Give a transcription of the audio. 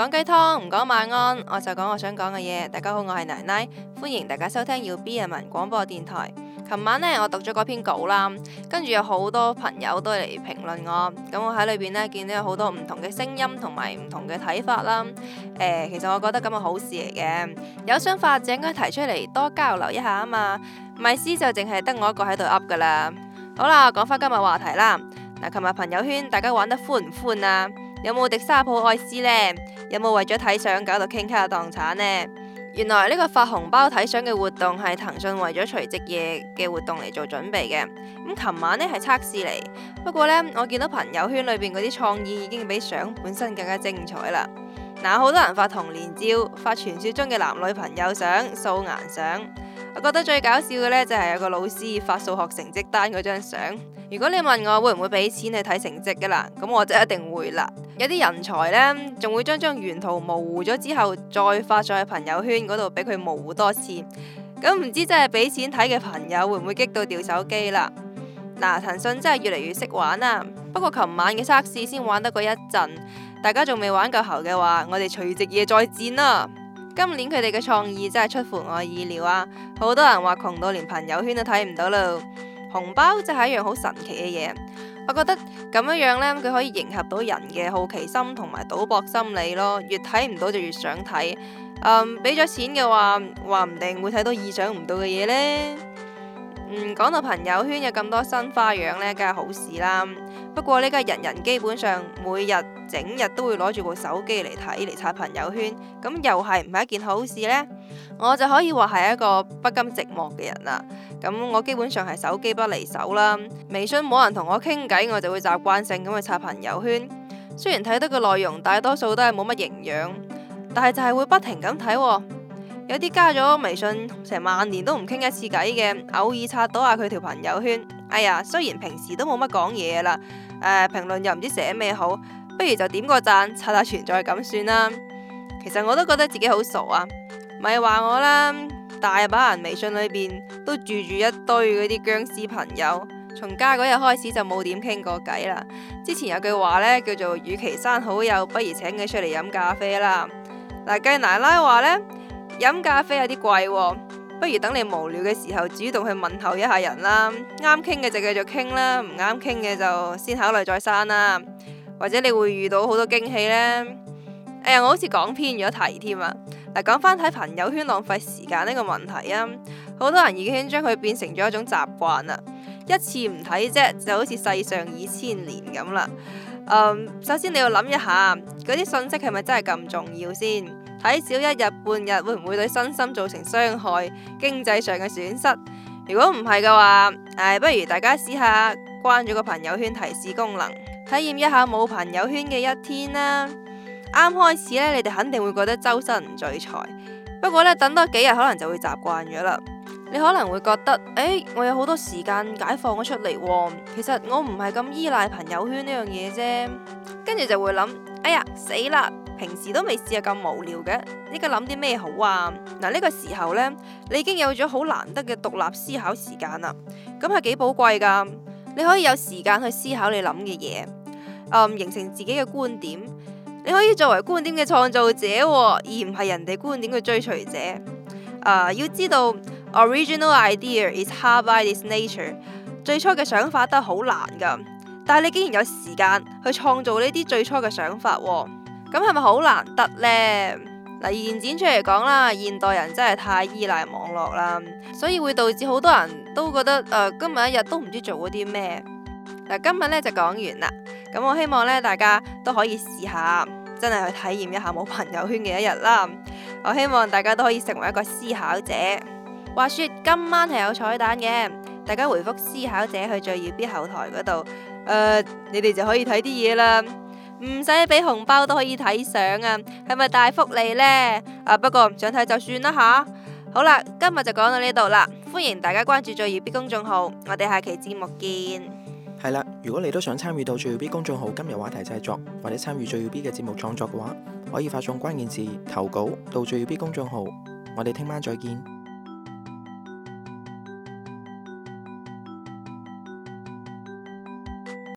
講雞湯唔講晚安，我就講我想講嘅嘢。大家好，我係奶奶，歡迎大家收聽耀 B 人民廣播電台。琴晚呢，我讀咗嗰篇稿啦，跟住有好多朋友都嚟評論我，咁我喺裏邊呢，見到有好多唔同嘅聲音同埋唔同嘅睇法啦。誒、呃，其實我覺得咁係好事嚟嘅，有想法就應該提出嚟多交流一下啊嘛。咪思就淨係得我一個喺度 up 噶啦。好啦，講翻今日話題啦。嗱，琴日朋友圈大家玩得歡唔歡啊？有冇迪沙普愛思呢？有冇為咗睇相搞到傾家蕩產呢？原來呢個發紅包睇相嘅活動係騰訊為咗除夕夜嘅活動嚟做準備嘅。咁琴晚呢係測試嚟，不過呢，我見到朋友圈裏邊嗰啲創意已經比相本身更加精彩啦。嗱，好多人發童年照，發傳說中嘅男女朋友相、素顏相。我覺得最搞笑嘅呢，就係有個老師發數學成績單嗰張相。如果你問我會唔會俾錢去睇成績噶啦，咁我就一定會啦。有啲人才呢，仲會將張原圖模糊咗之後，再發上去朋友圈嗰度俾佢模糊多次。咁唔知真係俾錢睇嘅朋友會唔會激到掉手機啦？嗱、嗯，騰訊真係越嚟越識玩啦。不過琴晚嘅測試先玩得過一陣，大家仲未玩夠喉嘅話，我哋除夕夜再戰啦。今年佢哋嘅創意真係出乎我意料啊！好多人話窮到連朋友圈都睇唔到咯，紅包真係一樣好神奇嘅嘢。我覺得咁樣樣呢，佢可以迎合到人嘅好奇心同埋賭博心理咯。越睇唔到就越想睇，嗯，俾咗錢嘅話，話唔定會睇到意想唔到嘅嘢呢！嗯，講到朋友圈有咁多新花樣呢，梗係好事啦。不過呢家人人基本上每日整日都會攞住部手機嚟睇嚟刷朋友圈，咁又係唔係一件好事呢？我就可以話係一個不甘寂寞嘅人啦。咁我基本上係手機不離手啦，微信冇人同我傾偈，我就會習慣性咁去刷朋友圈。雖然睇到嘅內容大多數都係冇乜營養，但係就係會不停咁睇。有啲加咗微信成萬年都唔傾一次偈嘅，偶爾刷到下佢條朋友圈。哎呀，雖然平時都冇乜講嘢啦，誒、呃，評論又唔知寫咩好，不如就點個讚，刷下存在感算啦。其實我都覺得自己好傻啊，咪話我啦，大把人微信裏邊都住住一堆嗰啲僵屍朋友，從加嗰日開始就冇點傾過偈啦。之前有句話呢，叫做，與其刪好友，不如請佢出嚟飲咖啡啦。嗱，計奶奶話呢，飲咖啡有啲貴啊。不如等你無聊嘅時候，主動去問候一下人啦，啱傾嘅就繼續傾啦，唔啱傾嘅就先考慮再刪啦，或者你會遇到好多驚喜呢？哎呀，我好似講偏咗題添啊！嗱，講翻睇朋友圈浪費時間呢個問題啊，好多人已經將佢變成咗一種習慣啦，一次唔睇啫，就好似世上已千年咁啦。嗯，首先你要諗一下，嗰啲信息係咪真係咁重要先？睇少一日半日會唔會對身心造成傷害？經濟上嘅損失，如果唔係嘅話，誒，不如大家試下關咗個朋友圈提示功能，體驗一下冇朋友圈嘅一天啦。啱開始呢，你哋肯定會覺得周身唔聚財，不過呢，等多幾日可能就會習慣咗啦。你可能會覺得，誒、欸，我有好多時間解放咗出嚟，其實我唔係咁依賴朋友圈呢樣嘢啫。跟住就會諗，哎呀，死啦！平時都未試過，咁無聊嘅，呢個諗啲咩好啊？嗱、啊，呢、呢個時候呢，你已經有咗好難得嘅獨立思考時間啦。咁係幾寶貴噶？你可以有時間去思考你諗嘅嘢，形成自己嘅觀點。你可以作為觀點嘅創造者、哦，而唔係人哋觀點嘅追隨者。啊、uh，要知道 original idea is hard by this nature，最初嘅想法都係好難噶。但係你竟然有時間去創造呢啲最初嘅想法、哦。咁係咪好難得呢？嗱，現展出嚟，講啦，現代人真係太依賴網絡啦，所以會導致好多人都覺得，誒、呃，今日一日都唔知做咗啲咩。嗱，今日咧就講完啦。咁我希望咧，大家都可以試下，真係去體驗一下冇朋友圈嘅一日啦。我希望大家都可以成為一個思考者。話說今晚係有彩蛋嘅，大家回復思考者去最耀 B 後台，嗰度，誒、呃，你哋就可以睇啲嘢啦。唔使俾紅包都可以睇相啊，係咪大福利呢？啊不過唔想睇就算啦嚇、啊。好啦，今日就講到呢度啦，歡迎大家關注最耀 B 公眾號，我哋下期節目見。係啦，如果你都想參與到最耀 B 公眾號今日話題製作，或者參與最耀 B 嘅節目創作嘅話，可以發送關鍵字投稿到最耀 B 公眾號。我哋聽晚再見。